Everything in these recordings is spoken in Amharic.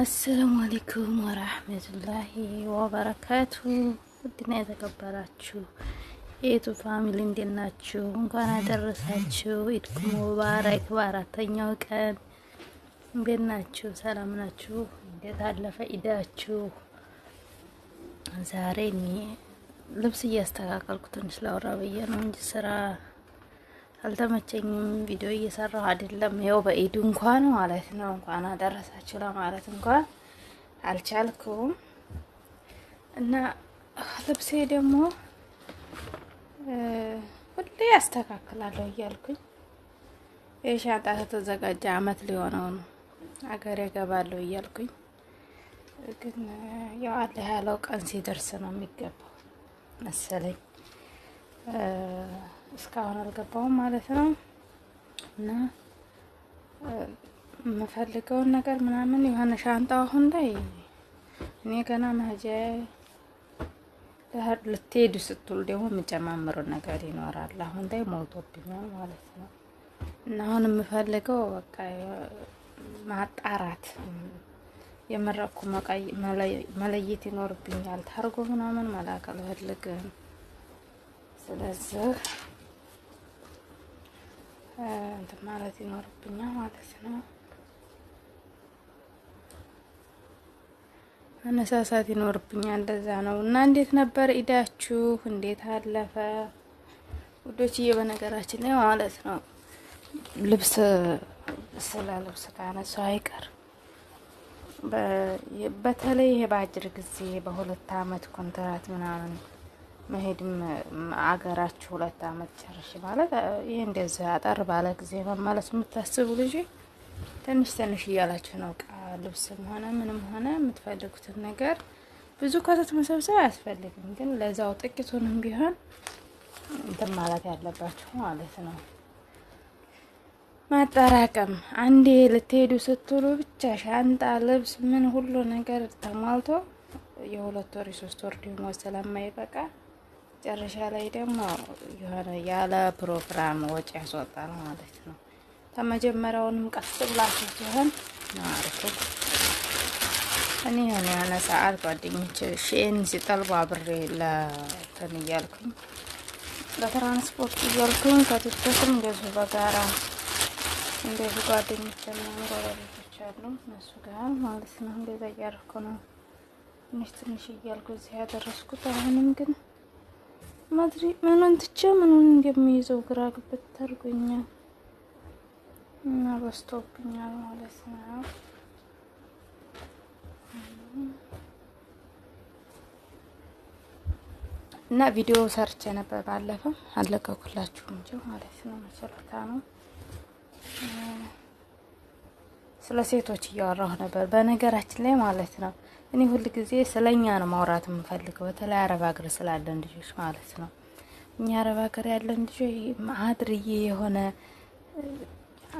አሰላሙ አሌይኩም ወረህመቱላሂ ወበረካቱ። ውድና የተከበራችሁ የቱ ፋሚሊ እንዴት ናችሁ? እንኳን አደረሳችሁ። ኢድኩ ሙባረክ በአራተኛው ቀን እንዴት ናችሁ? ሰላም ናችሁ? እንዴት አለፈ ኢዳችሁ? ዛሬ እኔ ልብስ እያስተካከልኩ ትንሽ ላውራ ብዬ ነው እንጂ ስራ አልተመቸኝም። ቪዲዮ እየሰራሁ አይደለም። ይኸው በኢዱ እንኳን ማለት ነው እንኳን አደረሳችሁ ለማለት እንኳን አልቻልኩም እና ልብሴ ደግሞ ሁሌ ያስተካክላለሁ እያልኩኝ የሻንጣ ከተዘጋጀ አመት ሊሆነው ነው አገር ያገባለሁ እያልኩኝ ግን ያው አለ ያለው ቀን ሲደርስ ነው የሚገባው መሰለኝ። እስካሁን አልገባውም ማለት ነው እና የምፈልገውን ነገር ምናምን የሆነ ሻንጣ አሁን ላይ እኔ ገና መሄጃ ልትሄዱ ስትሉ ደግሞ የምጨማምሩ ነገር ይኖራል። አሁን ላይ ሞልቶብኛል ማለት ነው እና አሁን የምፈልገው በቃ ማጣራት የመረኩ መለየት ይኖርብኛል። ታርጎ ምናምን መላክ አልፈልግም። ስለዚህ እንትን ማለት ይኖርብኛል ማለት ነው። መነሳሳት ይኖርብኛል። እንደዛ ነው እና እንዴት ነበር ኢዳችሁ? እንዴት አለፈ ውዶችዬ? በነገራችን ላይ ማለት ነው ልብስ ስለ ልብስ ካነሳው አይቀር በተለይ ይሄ በአጭር ጊዜ በሁለት አመት ኮንትራት ምናምን መሄድም አገራችሁ ሁለት አመት ጨርሽ ማለት ይህ እንደዚህ አጠር ባለ ጊዜ መመለስ የምታስቡ ልጅ ትንሽ ትንሽ እያላችሁ ነው። እቃ ልብስም ሆነ ምንም ሆነ የምትፈልጉትን ነገር ብዙ ከተት መሰብሰብ አያስፈልግም፣ ግን ለዛው ጥቂቱንም ቢሆን እንትን ማለት ያለባችሁ ማለት ነው። ማጠራቀም አንዴ ልትሄዱ ስትሉ ብቻ ሻንጣ፣ ልብስ፣ ምን ሁሉ ነገር ተሟልቶ የሁለት ወር የሶስት ወር ደሞዝ ስለማይበቃ መጨረሻ ላይ ደግሞ የሆነ ያለ ፕሮግራም ወጪ ያስወጣል ማለት ነው። ከመጀመሪያውንም ቀስ ብላችሁ ሲሆን ማርኩ እኔ ሆነ የሆነ ሰዓት ጓደኞች ሺኤን ሲጠልቡ አብሬ ለትን እያልኩኝ ለትራንስፖርት እያልኩኝ ከቲክቶክም ገዙ በጋራ እንደዚህ ጓደኞች እና ጎረቤቶች አሉ እነሱ ጋር ማለት ነው። እንደዛ እያደረኩ ነው ትንሽ ትንሽ እያልኩ እዚህ ያደረስኩት አሁንም ግን ማድሪ ምኑን ትቼ ምኑን እንደሚይዘው ግራ ግብት አድርጎኛል እና በዝቶብኛል ማለት ነው። እና ቪዲዮ ሰርቼ ነበር ባለፈው አለቀኩላችሁ እንጂ ማለት ነው። መሰረታ ነው ስለ ሴቶች እያወራሁ ነበር በነገራችን ላይ ማለት ነው። እኔ ሁል ጊዜ ስለኛ ነው ማውራት የምፈልገው፣ በተለይ አረብ ሀገር ስላለን ልጆች ማለት ነው። እኛ አረብ ሀገር ያለን ልጆች አድርዬ የሆነ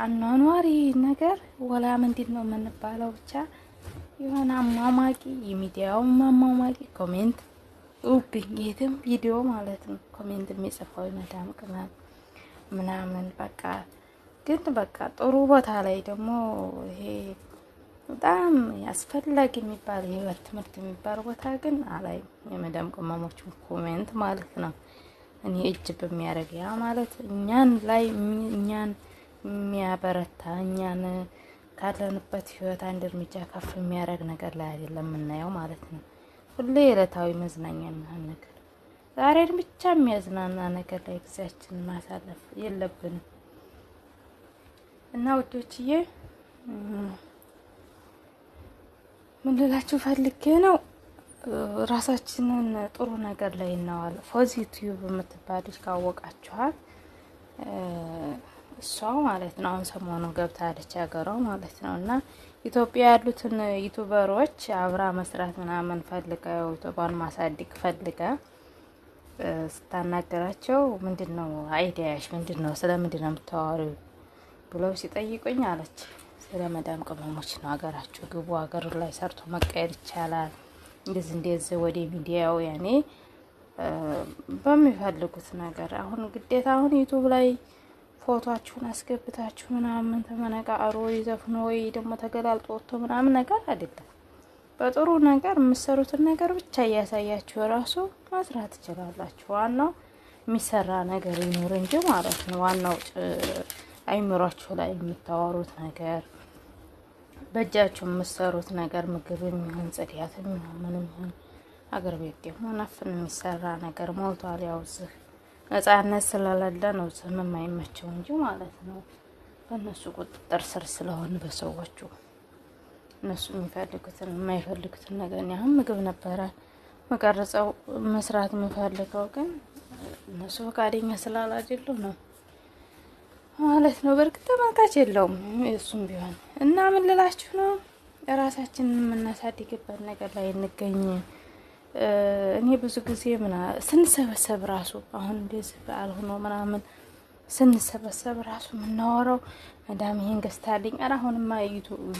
አኗኗሪ ነገር ወላ ምንድን ነው የምንባለው ብቻ የሆነ አሟሟቂ የሚዲያውም አሟሟቂ ኮሜንት ውብኝ የትም ቪዲዮ ማለት ነው ኮሜንት የሚጽፈው መዳም ቅመም ምናምን በቃ ግን በቃ ጥሩ ቦታ ላይ ደግሞ ይሄ በጣም አስፈላጊ የሚባል የህይወት ትምህርት የሚባል ቦታ ግን አላይ የመዳም ቅመሞችን ኮሜንት ማለት ነው። እኔ እጅ በሚያደርግ ያ ማለት እኛን ላይ እኛን የሚያበረታ እኛን ካለንበት ህይወት አንድ እርምጃ ከፍ የሚያደርግ ነገር ላይ አይደለም የምናየው ማለት ነው። ሁሌ የዕለታዊ መዝናኛ የሚሆን ነገር ዛሬን ብቻ የሚያዝናና ነገር ላይ ጊዜያችንን ማሳለፍ የለብንም እና ውዶችዬ ምን ልላችሁ ፈልጌ ነው፣ ራሳችንን ጥሩ ነገር ላይ እናዋል። ፖዚቲቭ የምትባልች ካወቃችኋል፣ እሷ ማለት ነው አሁን ሰሞኑ ገብታለች ሀገሯ ማለት ነው እና ኢትዮጵያ ያሉትን ዩቱበሮች አብራ መስራት ምናምን ፈልገ ዩቱበን ማሳድግ ፈልጋ ስታናገራቸው ምንድን ነው አይዲያሽ ምንድን ነው ስለምንድን ነው ብለው ሲጠይቁኝ አለች ስለመዳም ቅመሞች ነው። ሀገራችሁ ግቡ። ሀገር ላይ ሰርቶ መቀየር ይቻላል። እንደዚህ እንደዚህ ወደ ሚዲያው ያኔ በሚፈልጉት ነገር አሁን ግዴታ አሁን ዩቱብ ላይ ፎቶችሁን አስገብታችሁ ምናምን ተመነቃሩ ይዘፍኖ ወይ ደግሞ ተገላልጦ ወጥቶ ምናምን ነገር አይደለም። በጥሩ ነገር የምሰሩትን ነገር ብቻ እያሳያችሁ ራሱ መስራት ትችላላችሁ። ዋናው የሚሰራ ነገር ይኖር እንጂ ማለት ነው ዋናው አይምሯችሁ ላይ የምታወሩት ነገር በእጃችሁ የምትሰሩት ነገር ምግብ የሚሆን ጽዳያት የሚሆን ምንም ይሆን አገር ቤት ደግሞ ነፍን የሚሰራ ነገር ሞልቷል። ያው እዚህ ነጻነት ስለሌለ ነው ዝም የማይመቸው እንጂ ማለት ነው። በእነሱ ቁጥጥር ስር ስለሆን በሰዎቹ እነሱ የሚፈልጉትን የማይፈልጉትን ነገር ያህም ምግብ ነበረ መቀረጸው መስራት የምፈልገው ግን እነሱ ፈቃደኛ ስላላደሉ ነው። ማለት ነው። በእርግጥ ተመልካች የለውም እሱም ቢሆን እና ምን ልላችሁ ነው ራሳችንን የምናሳድግበት ነገር ላይ እንገኝ። እኔ ብዙ ጊዜ ምና ስንሰበሰብ ራሱ አሁን እንደዚህ በዓል ሆኖ ምናምን ስንሰበሰብ ራሱ የምናወራው መዳም ይሄን ገዝታልኝ፣ ኧረ አሁንማ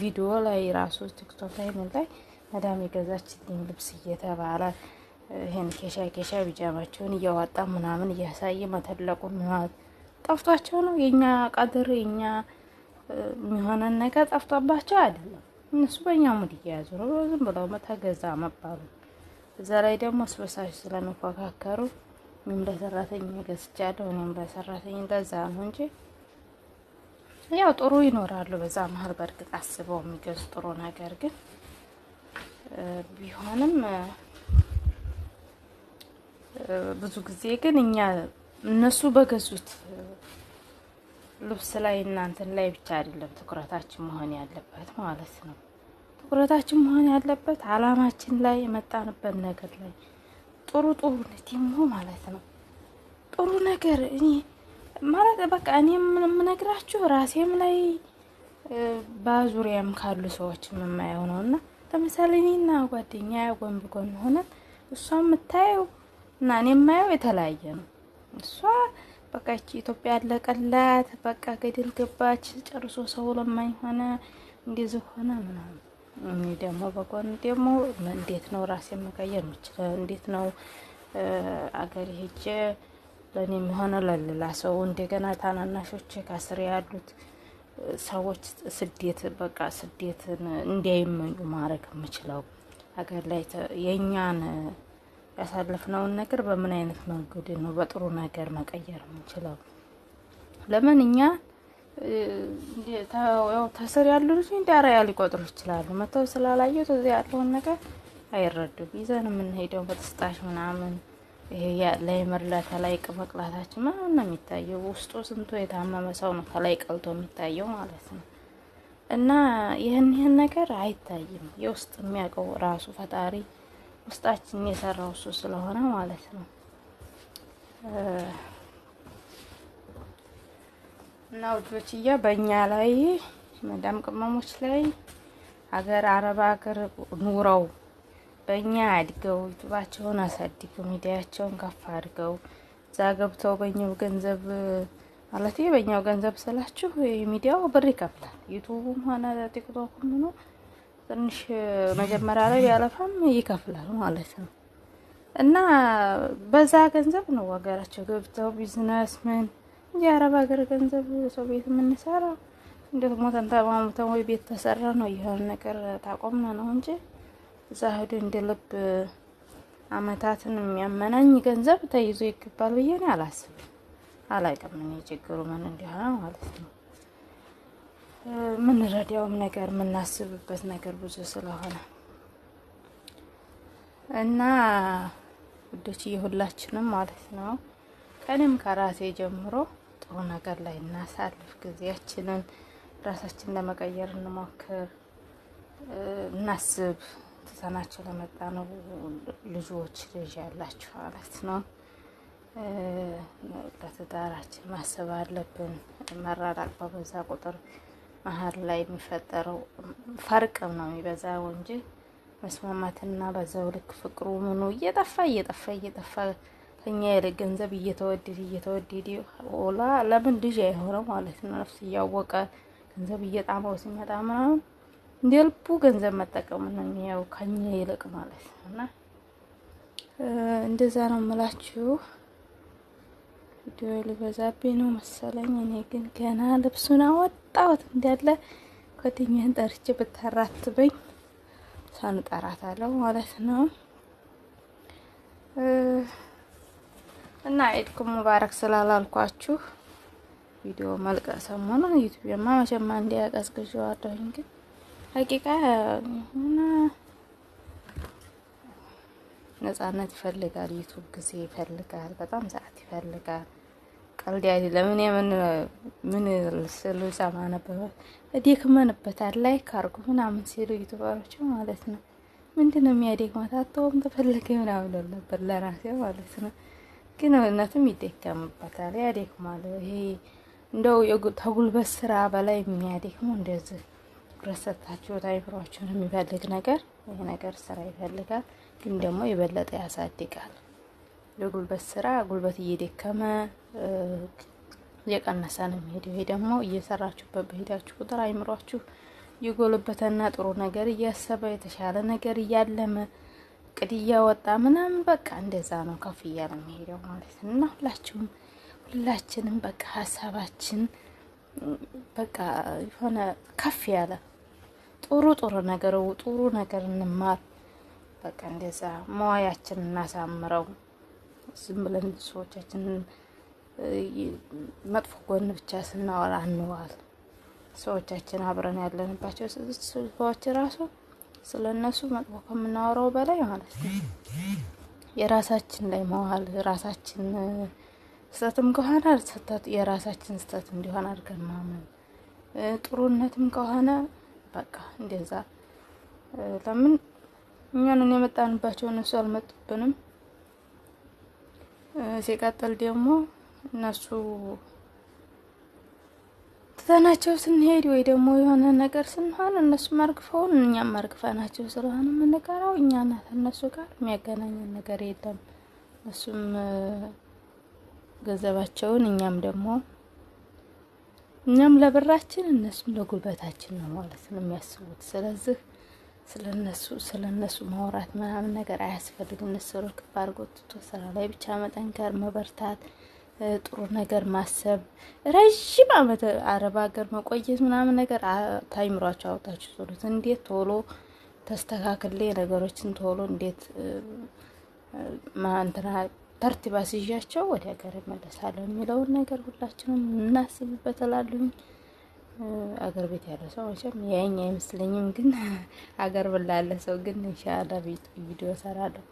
ቪዲዮ ላይ ራሱ ቲክቶክ ላይ ምን ላይ መዳም የገዛችልኝ ልብስ እየተባለ ይሄን ኬሻ ኬሻ ቢጃማቸውን እያዋጣ ምናምን እያሳየ መተለቁን ምናምን ጠፍቷቸው ነው። የኛ ቀድር የኛ የሚሆነን ነገር ጠፍቷባቸው አይደለም። እነሱ በእኛ ሙድ እየያዙ ነው። ዝም ብለው ተገዛ መባሉ እዛ ላይ ደግሞ ስበሳሽ ስለሚፎካከሩ እኔም ለሰራተኛ ገዝቻለሁ፣ እኔም ለሰራተኛ እንደዛ ነው እንጂ ያው ጥሩ ይኖራሉ። በዛ መሀል በእርግጥ አስበው የሚገዙ ጥሩ ነገር ግን ቢሆንም ብዙ ጊዜ ግን እኛ እነሱ በገዙት ልብስ ላይ እናንተን ላይ ብቻ አይደለም ትኩረታችን መሆን ያለበት ማለት ነው። ትኩረታችን መሆን ያለበት አላማችን ላይ የመጣንበት ነገር ላይ ጥሩ ጥሩ ነቲሞ ማለት ነው። ጥሩ ነገር እኔ ማለት በቃ እኔ የምነግራችሁ ራሴም ላይ በዙሪያም ካሉ ሰዎች የምማየው ነው እና ለምሳሌ እኔና ጓደኛ ጎን ብጎን ሆነን እሷ የምታየው እና እኔ የማየው የተለያየ ነው። እሷ በቃ ይቺ ኢትዮጵያ ያለቀላት በቃ ገደል ገባች፣ ጨርሶ ሰው ለማኝ ሆነ፣ እንደዚህ ሆነ ምናምን። እኔ ደግሞ በጎን ደግሞ እንዴት ነው ራሴ መቀየር የምችለው? እንዴት ነው አገሬ ሄጄ ለእኔ የሚሆነ ለሌላ ሰው እንደገና ታናናሾቼ ከስር ያሉት ሰዎች ስደት በቃ ስደትን እንዳይመኙ ማድረግ የምችለው አገር ላይ የእኛን ያሳለፍነውን ነገር በምን አይነት መንገድ ነው በጥሩ ነገር መቀየር የምንችለው? ለምን እኛ ተስር ያሉ ልጅ እንደ አርአያ ሊቆጥሩ ይችላሉ። መተው ስላላየሁት እዚህ ያለውን ነገር አይረዱም። ይዘን የምንሄደው በጥስጣሽ ምናምን ላይ መርዳታ ላይ ቅመቅላታችን ምናምን ነው የሚታየው። ውስጡ ስንቶ የታመመ ሰው ነው ከላይ ቀልቶ የሚታየው ማለት ነው። እና ይህን ይህን ነገር አይታይም። የውስጥ የሚያውቀው ራሱ ፈጣሪ ውስጣችን የሰራው እሱ ስለሆነ ማለት ነው። እና ውዶችዬ በእኛ ላይ መዳም ቅመሞች ላይ ሀገር አረብ ሀገር ኑረው በእኛ አድገው ዩቱባቸውን አሳድገው ሚዲያቸውን ከፍ አድርገው እዛ ገብተው በእኛው ገንዘብ ማለት በእኛው ገንዘብ ስላችሁ ሚዲያው ብር ይከፍላል። ዩቱቡም ሆነ ቲክቶክም ነው ትንሽ መጀመሪያ ላይ ቢያለፋም ይከፍላል ማለት ነው። እና በዛ ገንዘብ ነው ሀገራቸው ገብተው ቢዝነስ ምን እንጂ አረብ ሀገር ገንዘብ ሰው ቤት የምንሰራው እንዴት ሞተን ተማሙተን ወይ ቤት ተሰራ ነው ይሆን ነገር ታቆምነ ነው እንጂ እዛ ሄዶ እንደ ልብ አመታትን የሚያመናኝ ገንዘብ ተይዞ ይገባል ብዬ እኔ አላስብም። አላውቅም እኔ ችግሩ ምን እንዲሆነ ማለት ነው። የምንረዳውም ነገር የምናስብበት ነገር ብዙ ስለሆነ እና ውዶች የሁላችንም ማለት ነው ከእኔም ከራሴ ጀምሮ ጥሩ ነገር ላይ እናሳልፍ። ጊዜያችንን ራሳችን ለመቀየር እንሞክር፣ እናስብ። ትተናቸው ለመጣ ነው ልጆች ልጅ ያላችሁ ማለት ነው ለትዳራችን ማሰብ አለብን። መራራቅ በበዛ ቁጥር መሀል ላይ የሚፈጠረው ፈርቅ ነው የሚበዛው እንጂ መስማማትና በዛው ልክ ፍቅሩ ምኑ እየጠፋ እየጠፋ እየጠፋ ከኛ ይልቅ ገንዘብ እየተወደደ እየተወደደ ላ ለምን ልጅ አይሆነው ማለት ነው። ነፍስ እያወቀ ገንዘብ እየጣመው ሲመጣ ምናምን እንደ ልቡ ገንዘብ መጠቀም ነው የሚያው ከኛ ይልቅ ማለት ነው እና እንደዛ ነው የምላችሁ። ቪዲዮ ሊበዛብኝ ነው መሰለኝ። እኔ ግን ገና ልብሱን አወጣሁት እንዳለ ኮትኛን ጠርቼ ብታራትበኝ ሳንጠራት አለው ማለት ነው። እና ዒድኩም ሙባረክ ስላላልኳችሁ ቪዲዮ መልቀቅ ሰሞኑን ዩቲዩብማ መቼም አንዴ ያቀዝቅዤዋለሁኝ፣ ግን ሀቂቃ እና ነጻነት ይፈልጋል። ዩቱብ ጊዜ ይፈልጋል። በጣም ሰዓት ይፈልጋል። ቀልድ አይደለም። እኔ ምን ምን ስሉ ሰማ ነበር እደክመንበታል ላይ ካርጉ ምናምን ሲሉ ዩቱበሮች ማለት ነው። ምንድን ነው የሚያደክማት አተውም ተፈለገ ምናምን ነበር ለራሴ ማለት ነው። ግን እውነትም ይደከምበታል፣ ያደክማል። ይሄ እንደው ተጉልበት ስራ በላይ የሚያደክመው እንደዚህ ረሰታቸው ሰጥታችሁ አይምሯችሁን የሚፈልግ ነገር ይሄ ነገር ስራ ይፈልጋል፣ ግን ደግሞ የበለጠ ያሳድጋል። የጉልበት ስራ ጉልበት እየደከመ እየቀነሰ ነው የሚሄደው። ይሄ ደግሞ እየሰራችሁበት በሄዳችሁ ቁጥር አይምሯችሁ የጎለበተና ጥሩ ነገር እያሰበ የተሻለ ነገር እያለመ እቅድ እያወጣ ምናምን በቃ እንደዛ ነው ከፍ እያለ የሚሄደው ማለት ነው። እና ሁላችሁም ሁላችንም በቃ ሀሳባችን በቃ የሆነ ከፍ ያለ ጥሩ ጥሩ ነገር ጥሩ ነገር እንማር። በቃ እንደዛ መዋያችን እናሳምረው። ዝም ብለን ሰዎቻችንን መጥፎ ጎን ብቻ ስናወራ እንዋል። ሰዎቻችን አብረን ያለንባቸው ሰዎች ራሱ ስለ እነሱ መጥፎ ከምናወራው በላይ ማለት ነው የራሳችን ላይ መዋል ራሳችን ስህተትም ከሆነ ስህተት የራሳችን ስህተት እንዲሆን አድርገን ማመን፣ ጥሩነትም ከሆነ በቃ እንደዛ። ለምን እኛን የመጣንባቸው እነሱ አልመጡብንም። ሲቀጥል ደግሞ እነሱ ትተናቸው ስንሄድ ወይ ደግሞ የሆነ ነገር ስንሆን እነሱም መርግፈውን እኛም መርግፈናቸው ስለሆነ የምንቀረው እኛ ናት። እነሱ ጋር የሚያገናኘን ነገር የለም። እነሱም ገንዘባቸውን እኛም ደግሞ እኛም ለብራችን እነሱም ለጉልበታችን ነው ማለት ነው የሚያስቡት። ስለዚህ ስለነሱ ስለነሱ ማውራት ምናምን ነገር አያስፈልግም። ንስሩ ክባር ጎትቶ ስራ ላይ ብቻ መጠንከር፣ መበርታት፣ ጥሩ ነገር ማሰብ፣ ረዥም አመት አረብ ሀገር መቆየት ምናምን ነገር ታይምሯቸው አውጣችሁ ቶሎት እንዴት ቶሎ ተስተካክሌ ነገሮችን ቶሎ እንዴት ማንትና ተርቲባ ስያቸው ወደ ሀገር እመለሳለሁ የሚለውን ነገር ሁላችንም እናስብበት እላለሁኝ። አገር ቤት ያለ ሰው መቼም ያኛ አይመስለኝም፣ ግን አገር ብላ ያለ ሰው ግን ኢንሻአላህ ቪዲዮ ሰራለሁ።